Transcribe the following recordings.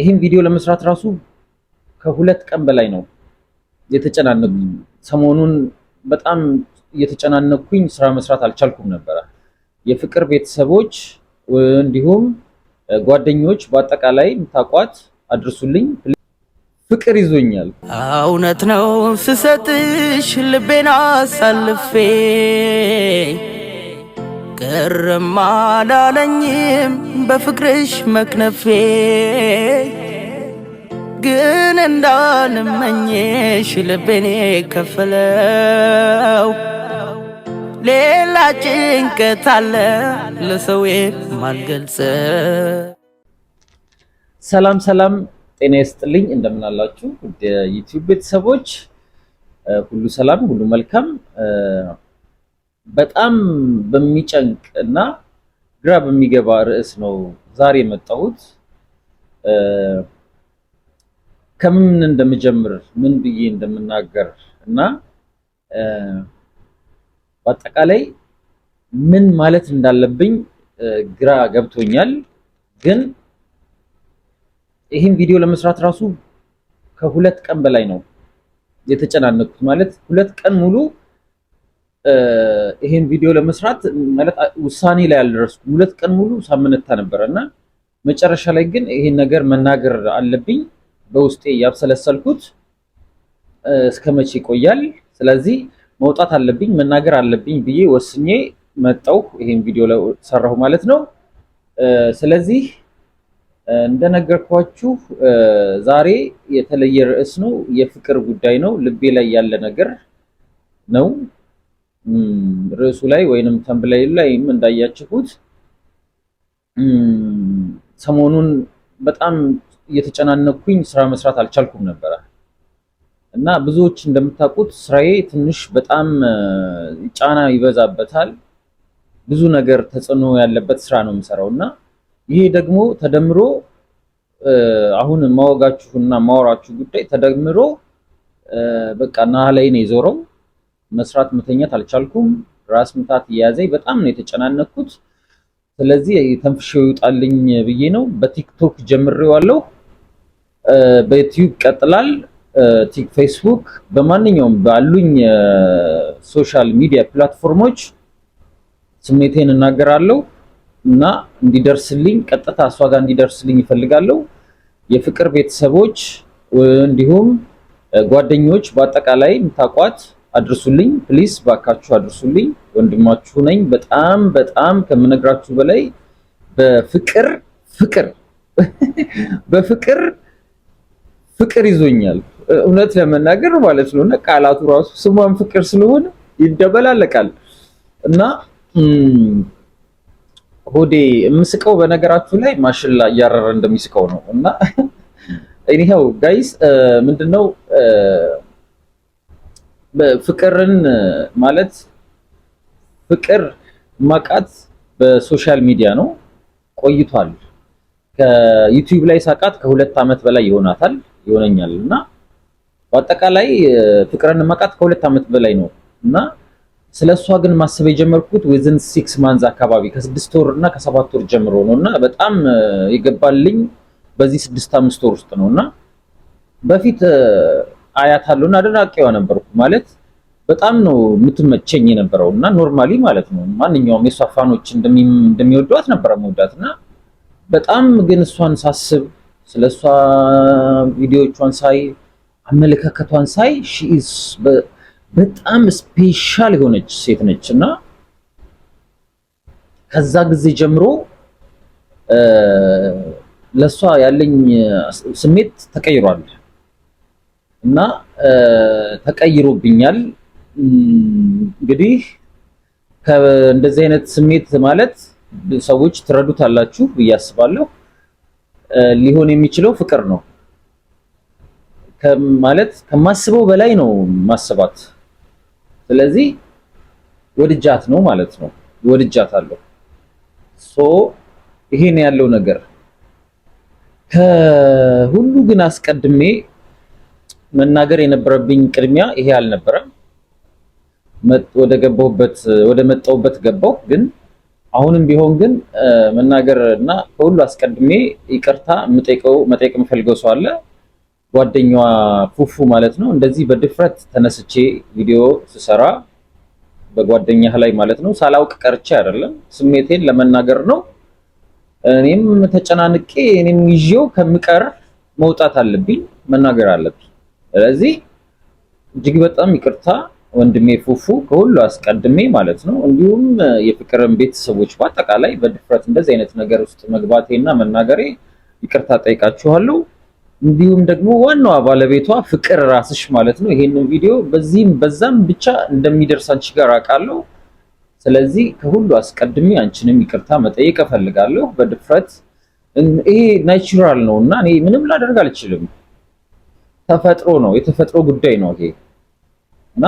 ይህን ቪዲዮ ለመስራት ራሱ ከሁለት ቀን በላይ ነው የተጨናነቁ። ሰሞኑን በጣም እየተጨናነኩኝ ስራ መስራት አልቻልኩም ነበረ። የፍቅር ቤተሰቦች እንዲሁም ጓደኞች በአጠቃላይ የምታውቋት አድርሱልኝ። ፍቅር ይዞኛል። እውነት ነው ስሰጥሽ ልቤን አሳልፌ ቅርም አላለኝም በፍቅርሽ መክነፌ ግን እንዳልመኝሽ ልቤኔ ከፈለው ሌላ ጭንቀት አለ ለሰው ማልገልጽ። ሰላም ሰላም፣ ጤና ይስጥልኝ። እንደምን ውድ የዩቲዩብ ቤተሰቦች ሁሉ ሰላም፣ ሁሉ መልካም በጣም በሚጨንቅ እና ግራ በሚገባ ርዕስ ነው ዛሬ የመጣሁት። ከምን እንደምጀምር ምን ብዬ እንደምናገር እና በአጠቃላይ ምን ማለት እንዳለብኝ ግራ ገብቶኛል። ግን ይህን ቪዲዮ ለመስራት ራሱ ከሁለት ቀን በላይ ነው የተጨናነኩት። ማለት ሁለት ቀን ሙሉ ይሄን ቪዲዮ ለመስራት ማለት ውሳኔ ላይ አልደረስኩም። ሁለት ቀን ሙሉ ሳምንታ ነበረ እና መጨረሻ ላይ ግን ይሄን ነገር መናገር አለብኝ በውስጤ ያብሰለሰልኩት እስከ መቼ ይቆያል? ስለዚህ መውጣት አለብኝ መናገር አለብኝ ብዬ ወስኜ መጣው ይሄን ቪዲዮ ሰራሁ ማለት ነው። ስለዚህ እንደነገርኳችሁ ዛሬ የተለየ ርዕስ ነው። የፍቅር ጉዳይ ነው። ልቤ ላይ ያለ ነገር ነው። ርዕሱ ላይ ወይንም ተምብላዩ ላይም እንዳያችሁት ሰሞኑን በጣም እየተጨናነኩኝ ስራ መስራት አልቻልኩም ነበረ እና ብዙዎች እንደምታውቁት ስራዬ ትንሽ በጣም ጫና ይበዛበታል። ብዙ ነገር ተጽዕኖ ያለበት ስራ ነው የምሰራው እና ይሄ ደግሞ ተደምሮ አሁን ማወጋችሁና ማወራችሁ ጉዳይ ተደምሮ በቃ ና ላይ ነው የዞረው መስራት መተኛት አልቻልኩም። ራስ ምታት እየያዘኝ በጣም ነው የተጨናነኩት። ስለዚህ ተንፍሼው ይውጣልኝ ብዬ ነው። በቲክቶክ ጀምሬዋለሁ፣ በዩቲዩብ ቀጥላል፣ ፌስቡክ፣ በማንኛውም ባሉኝ ሶሻል ሚዲያ ፕላትፎርሞች ስሜቴን እናገራለሁ እና እንዲደርስልኝ ቀጥታ እሷ ጋር እንዲደርስልኝ ይፈልጋለሁ። የፍቅር ቤተሰቦች እንዲሁም ጓደኞች በአጠቃላይ የምታውቋት አድርሱልኝ ፕሊስ፣ ባካችሁ አድርሱልኝ። ወንድማችሁ ነኝ። በጣም በጣም ከምነግራችሁ በላይ በፍቅር ፍቅር በፍቅር ፍቅር ይዞኛል እውነት ለመናገር ማለት ነው። እና ቃላቱ ራሱ ስሟን ፍቅር ስለሆነ ይደበላለቃል እና ሆዴ የምስቀው በነገራችሁ ላይ ማሽላ እያረረ እንደሚስቀው ነው እና እኒው ጋይስ ምንድነው ፍቅርን ማለት ፍቅር ማቃት በሶሻል ሚዲያ ነው። ቆይቷል። ከዩቲዩብ ላይ ሳቃት ከሁለት ዓመት በላይ ይሆናታል ይሆነኛል እና በአጠቃላይ ፍቅርን ማቃት ከሁለት ዓመት በላይ ነው እና ስለ እሷ ግን ማሰብ የጀመርኩት ዊዝን ሲክስ ማንዝ አካባቢ ከስድስት ወር እና ከሰባት ወር ጀምሮ ነው እና በጣም የገባልኝ በዚህ ስድስት አምስት ወር ውስጥ ነው እና በፊት አያት እና አድናቂዋ ነበርኩ ማለት በጣም ነው የምትመቸኝ የነበረው እና ኖርማሊ ማለት ነው ማንኛውም የእሷ ፋኖች እንደሚወዷት ነበረ መውዳት እና በጣም ግን እሷን ሳስብ ስለ እሷ ቪዲዮቿን ሳይ አመለካከቷን ሳይ ሺኢዝ በጣም ስፔሻል የሆነች ሴት ነች እና ከዛ ጊዜ ጀምሮ ለእሷ ያለኝ ስሜት ተቀይሯል። እና ተቀይሮብኛል። እንግዲህ እንደዚህ አይነት ስሜት ማለት ሰዎች ትረዱታላችሁ ብዬ አስባለሁ። ሊሆን የሚችለው ፍቅር ነው ማለት ከማስበው በላይ ነው ማስባት። ስለዚህ ወድጃት ነው ማለት ነው። ወድጃት አለው ሶ ይሄን ያለው ነገር ከሁሉ ግን አስቀድሜ መናገር የነበረብኝ ቅድሚያ ይሄ አልነበረም። ወደ ገባሁበት ወደ መጣሁበት ገባሁ። ግን አሁንም ቢሆን ግን መናገር እና ከሁሉ አስቀድሜ ይቅርታ የምጠይቀው መጠየቅ የምፈልገው ሰው አለ። ጓደኛዋ ፉፉ ማለት ነው። እንደዚህ በድፍረት ተነስቼ ቪዲዮ ስሰራ በጓደኛህ ላይ ማለት ነው ሳላውቅ ቀርቼ አይደለም፣ ስሜቴን ለመናገር ነው። እኔም ተጨናንቄ እኔም ይዤው ከምቀር መውጣት አለብኝ፣ መናገር አለብኝ። ስለዚህ እጅግ በጣም ይቅርታ ወንድሜ ፉፉ ከሁሉ አስቀድሜ ማለት ነው። እንዲሁም የፍቅርን ቤተሰቦች በአጠቃላይ በድፍረት እንደዚህ አይነት ነገር ውስጥ መግባቴና መናገሬ ይቅርታ ጠይቃችኋለሁ። እንዲሁም ደግሞ ዋናዋ ባለቤቷ ፍቅር ራስሽ ማለት ነው ይሄንን ቪዲዮ በዚህም በዛም ብቻ እንደሚደርስ አንቺ ጋር አውቃለሁ። ስለዚህ ከሁሉ አስቀድሜ አንቺንም ይቅርታ መጠየቅ እፈልጋለሁ በድፍረት ይሄ ናቹራል ነው እና እኔ ምንም ላደርግ አልችልም። ተፈጥሮ ነው፣ የተፈጥሮ ጉዳይ ነው ይሄ እና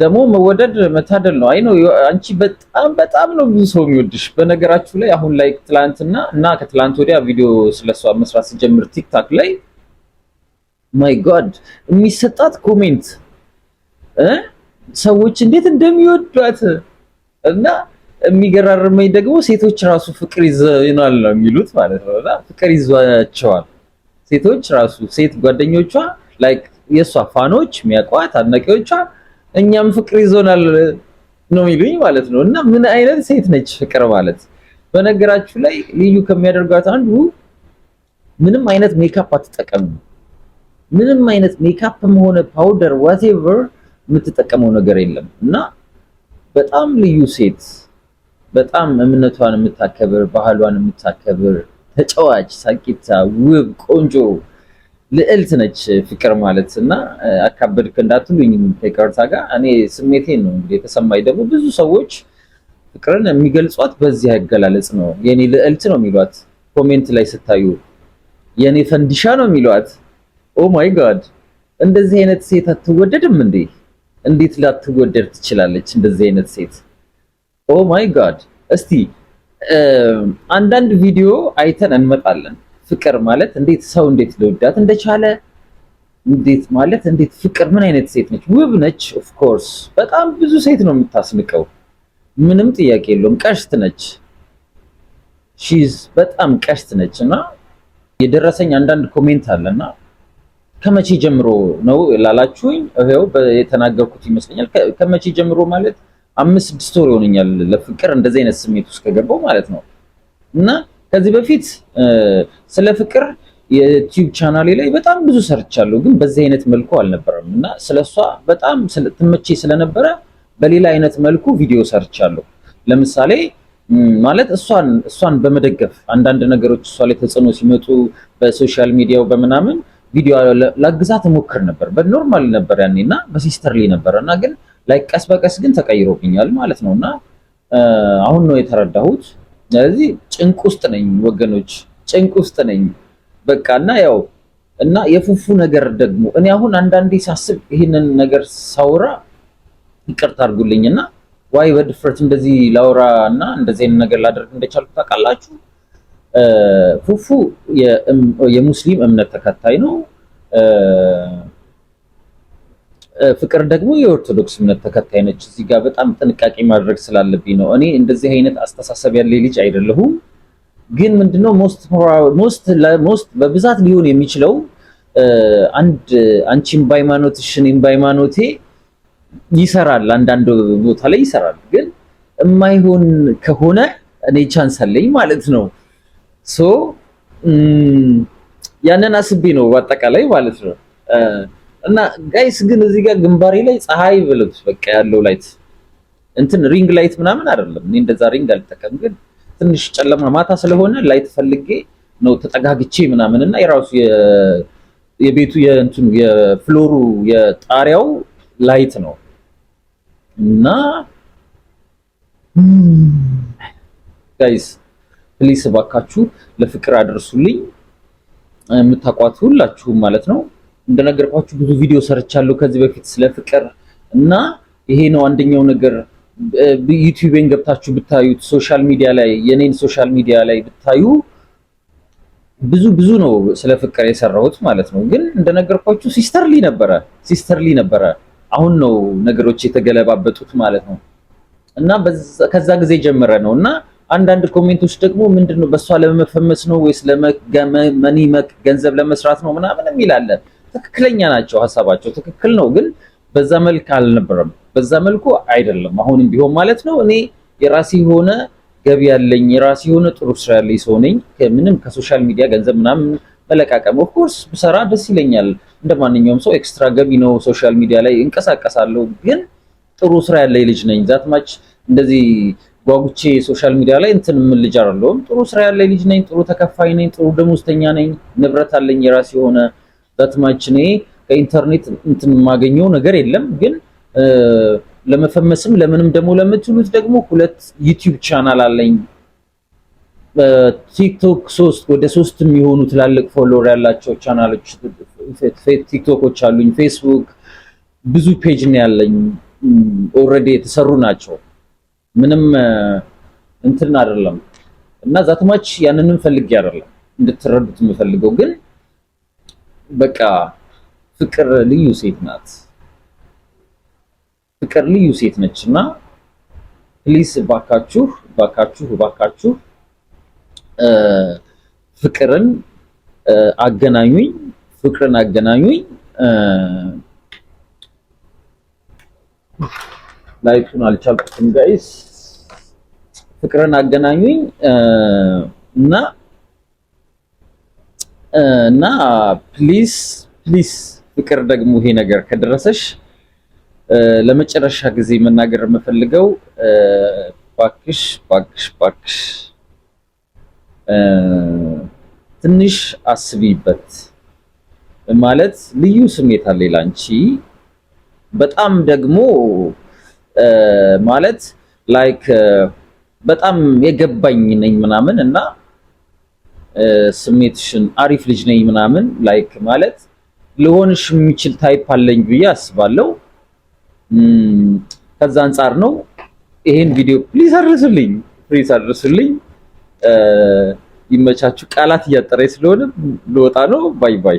ደግሞ መወደድ መታደል ነው። አይ ነው አንቺ በጣም በጣም ነው ብዙ ሰው የሚወድሽ። በነገራችሁ ላይ አሁን ላይ ትላንትና እና ከትላንት ወዲያ ቪዲዮ ስለሷ መስራት ስጀምር ቲክታክ ላይ ማይ ጋድ የሚሰጣት ኮሜንት ሰዎች እንዴት እንደሚወዷት እና የሚገራርመኝ ደግሞ ሴቶች ራሱ ፍቅር ይዘናል ነው የሚሉት ማለት ነው። እና ፍቅር ይዟቸዋል ሴቶች ራሱ ሴት ጓደኞቿ ላይክ የእሷ ፋኖች የሚያውቋት አድናቂዎቿ እኛም ፍቅር ይዞናል ነው የሚሉኝ ማለት ነው። እና ምን አይነት ሴት ነች ፍቅር ማለት? በነገራችሁ ላይ ልዩ ከሚያደርጓት አንዱ ምንም አይነት ሜካፕ አትጠቀምም። ምንም አይነት ሜካፕም ሆነ ፓውደር ዋቴቨር የምትጠቀመው ነገር የለም እና በጣም ልዩ ሴት በጣም እምነቷን የምታከብር ባህሏን የምታከብር ተጫዋች፣ ሳቂታ፣ ውብ፣ ቆንጆ ልዕልት ነች ፍቅር ማለት እና አካበድክ እንዳትሉኝ ከይቅርታ ጋር እኔ ስሜቴን ነው እንግዲህ የተሰማኝ። ደግሞ ብዙ ሰዎች ፍቅርን የሚገልጿት በዚህ አገላለጽ ነው። የኔ ልዕልት ነው የሚሏት ኮሜንት ላይ ስታዩ፣ የኔ ፈንዲሻ ነው የሚሏት። ኦ ማይ ጋድ እንደዚህ አይነት ሴት አትወደድም እንዴ? እንዴት ላትወደድ ትችላለች እንደዚህ አይነት ሴት? ኦ ማይ ጋድ። እስቲ አንዳንድ ቪዲዮ አይተን እንመጣለን። ፍቅር ማለት እንዴት ሰው እንዴት ልወዳት እንደቻለ እንዴት ማለት እንዴት ፍቅር ምን አይነት ሴት ነች? ውብ ነች። ኦፍ ኮርስ በጣም ብዙ ሴት ነው የምታስንቀው፣ ምንም ጥያቄ የለውም። ቀሽት ነች፣ ሺዝ በጣም ቀሽት ነች። እና የደረሰኝ አንዳንድ ኮሜንት አለና ከመቼ ጀምሮ ነው ላላችሁኝ፣ ይኸው የተናገርኩት ይመስለኛል። ከመቼ ጀምሮ ማለት አምስት ስድስት ወር ይሆነኛል ለፍቅር እንደዚህ አይነት ስሜት ውስጥ ከገባው ማለት ነው። እና ከዚህ በፊት ስለ ፍቅር የዩቲዩብ ቻናሌ ላይ በጣም ብዙ ሰርቻለሁ፣ ግን በዚህ አይነት መልኩ አልነበረም እና ስለሷ በጣም ትመቼ ስለነበረ በሌላ አይነት መልኩ ቪዲዮ ሰርቻለሁ። ለምሳሌ ማለት እሷን እሷን በመደገፍ አንዳንድ ነገሮች እሷ ላይ ተጽዕኖ ሲመጡ በሶሻል ሚዲያው በምናምን ቪዲዮ ላግዛት እሞክር ነበር። በኖርማል ነበር ያኔ እና በሲስተር ላይ ነበረ እና ግን ላይ ቀስ በቀስ ግን ተቀይሮብኛል ማለት ነው እና አሁን ነው የተረዳሁት። ስለዚህ ጭንቅ ውስጥ ነኝ ወገኖች፣ ጭንቅ ውስጥ ነኝ በቃ እና ያው እና የፉፉ ነገር ደግሞ እኔ አሁን አንዳንዴ ሳስብ ይህንን ነገር ሳውራ ይቅርታ አድርጉልኝና ዋይ በድፍረት እንደዚህ ላውራ እና እንደዚህ አይነት ነገር ላደርግ እንደቻልኩ ታውቃላችሁ። ፉፉ የሙስሊም እምነት ተከታይ ነው። ፍቅር ደግሞ የኦርቶዶክስ እምነት ተከታይ ነች። እዚህ ጋር በጣም ጥንቃቄ ማድረግ ስላለብኝ ነው። እኔ እንደዚህ አይነት አስተሳሰብ ያለ ልጅ አይደለሁም። ግን ምንድነው ሞስት በብዛት ሊሆን የሚችለው አንድ አንቺም በሃይማኖትሽ እኔም በሃይማኖቴ ይሰራል፣ አንዳንድ ቦታ ላይ ይሰራል። ግን የማይሆን ከሆነ እኔ ቻንስ አለኝ ማለት ነው። ሶ ያንን አስቤ ነው በአጠቃላይ ማለት ነው። እና ጋይስ ግን እዚህ ጋር ግንባሬ ላይ ፀሐይ ብልብስ በቃ ያለው ላይት እንትን ሪንግ ላይት ምናምን አይደለም። እኔ እንደዛ ሪንግ አልጠቀም፣ ግን ትንሽ ጨለማ ማታ ስለሆነ ላይት ፈልጌ ነው ተጠጋግቼ ምናምን እና የራሱ የቤቱ የእንትኑ የፍሎሩ የጣሪያው ላይት ነው እና ጋይስ ፕሊስ እባካችሁ ለፍቅር አድርሱልኝ፣ የምታቋት ሁላችሁም ማለት ነው። እንደነገርኳችሁ ብዙ ቪዲዮ ሰርቻለሁ ከዚህ በፊት ስለ ፍቅር እና ይሄ ነው አንደኛው ነገር። ዩቲዩብን ገብታችሁ ብታዩት ሶሻል ሚዲያ ላይ የኔን ሶሻል ሚዲያ ላይ ብታዩ ብዙ ብዙ ነው ስለ ፍቅር የሰራሁት ማለት ነው። ግን እንደነገርኳችሁ ሲስተርሊ ነበረ ሲስተርሊ ነበረ። አሁን ነው ነገሮች የተገለባበጡት ማለት ነው። እና ከዛ ጊዜ ጀመረ ነው እና አንዳንድ ኮሜንቶች ደግሞ ምንድን ነው በእሷ ለመፈመስ ነው ወይስ ለመኒመቅ ገንዘብ ለመስራት ነው ምናምንም ይላለን። ትክክለኛ ናቸው፣ ሀሳባቸው ትክክል ነው። ግን በዛ መልክ አልነበረም፣ በዛ መልኩ አይደለም። አሁንም ቢሆን ማለት ነው እኔ የራሴ የሆነ ገቢ ያለኝ የራሴ የሆነ ጥሩ ስራ ያለኝ ሰው ነኝ። ከሶሻል ሚዲያ ገንዘብ ምናምን መለቃቀም ኦፍኮርስ ብሰራ ደስ ይለኛል። እንደ ማንኛውም ሰው ኤክስትራ ገቢ ነው። ሶሻል ሚዲያ ላይ እንቀሳቀሳለሁ። ግን ጥሩ ስራ ያለኝ ልጅ ነኝ። ዛትማች እንደዚህ ጓጉቼ ሶሻል ሚዲያ ላይ እንትን ምን ልጅ አይደለሁም። ጥሩ ስራ ያለኝ ልጅ ነኝ። ጥሩ ተከፋይ ነኝ። ጥሩ ደሞዝተኛ ነኝ። ንብረት አለኝ የራሴ የሆነ ዳትማች እኔ ከኢንተርኔት እንትን የማገኘው ነገር የለም ግን ለመፈመስም ለምንም ደግሞ ለምትሉት ደግሞ ሁለት ዩቲዩብ ቻናል አለኝ። ቲክቶክ ሶስት ወደ ሶስት የሚሆኑ ትላልቅ ፎሎወር ያላቸው ቻናሎች ቲክቶኮች አሉኝ። ፌስቡክ ብዙ ፔጅ ነው ያለኝ ኦልሬዲ የተሰሩ ናቸው። ምንም እንትን አይደለም እና ዛትማች ያንንም ፈልጌ አይደለም እንድትረዱት የምፈልገው ግን በቃ ፍቅር ልዩ ሴት ናት። ፍቅር ልዩ ሴት ነች እና ፕሊስ ባካችሁ ባካችሁ ባካችሁ ፍቅርን አገናኙኝ ፍቅርን አገናኙኝ። ላይቱን አልቻልኩትም ጋይስ። ፍቅርን አገናኙኝ እና እና ፕሊስ ፕሊስ ፍቅር ደግሞ ይሄ ነገር ከደረሰሽ ለመጨረሻ ጊዜ መናገር የምፈልገው ባክሽ ባክሽ ባክሽ ትንሽ አስቢበት። ማለት ልዩ ስሜት አለ ላንቺ በጣም ደግሞ ማለት ላይክ በጣም የገባኝ ነኝ ምናምን እና ስሜትሽን አሪፍ ልጅ ነኝ ምናምን ላይክ ማለት ልሆንሽ የሚችል ታይፕ አለኝ ብዬ አስባለሁ። ከዛ አንጻር ነው ይሄን ቪዲዮ ፕሊዝ አድርስልኝ፣ ፕሊዝ አድርስልኝ። ይመቻችሁ። ቃላት እያጠረኝ ስለሆነ ልወጣ ነው። ባይ ባይ።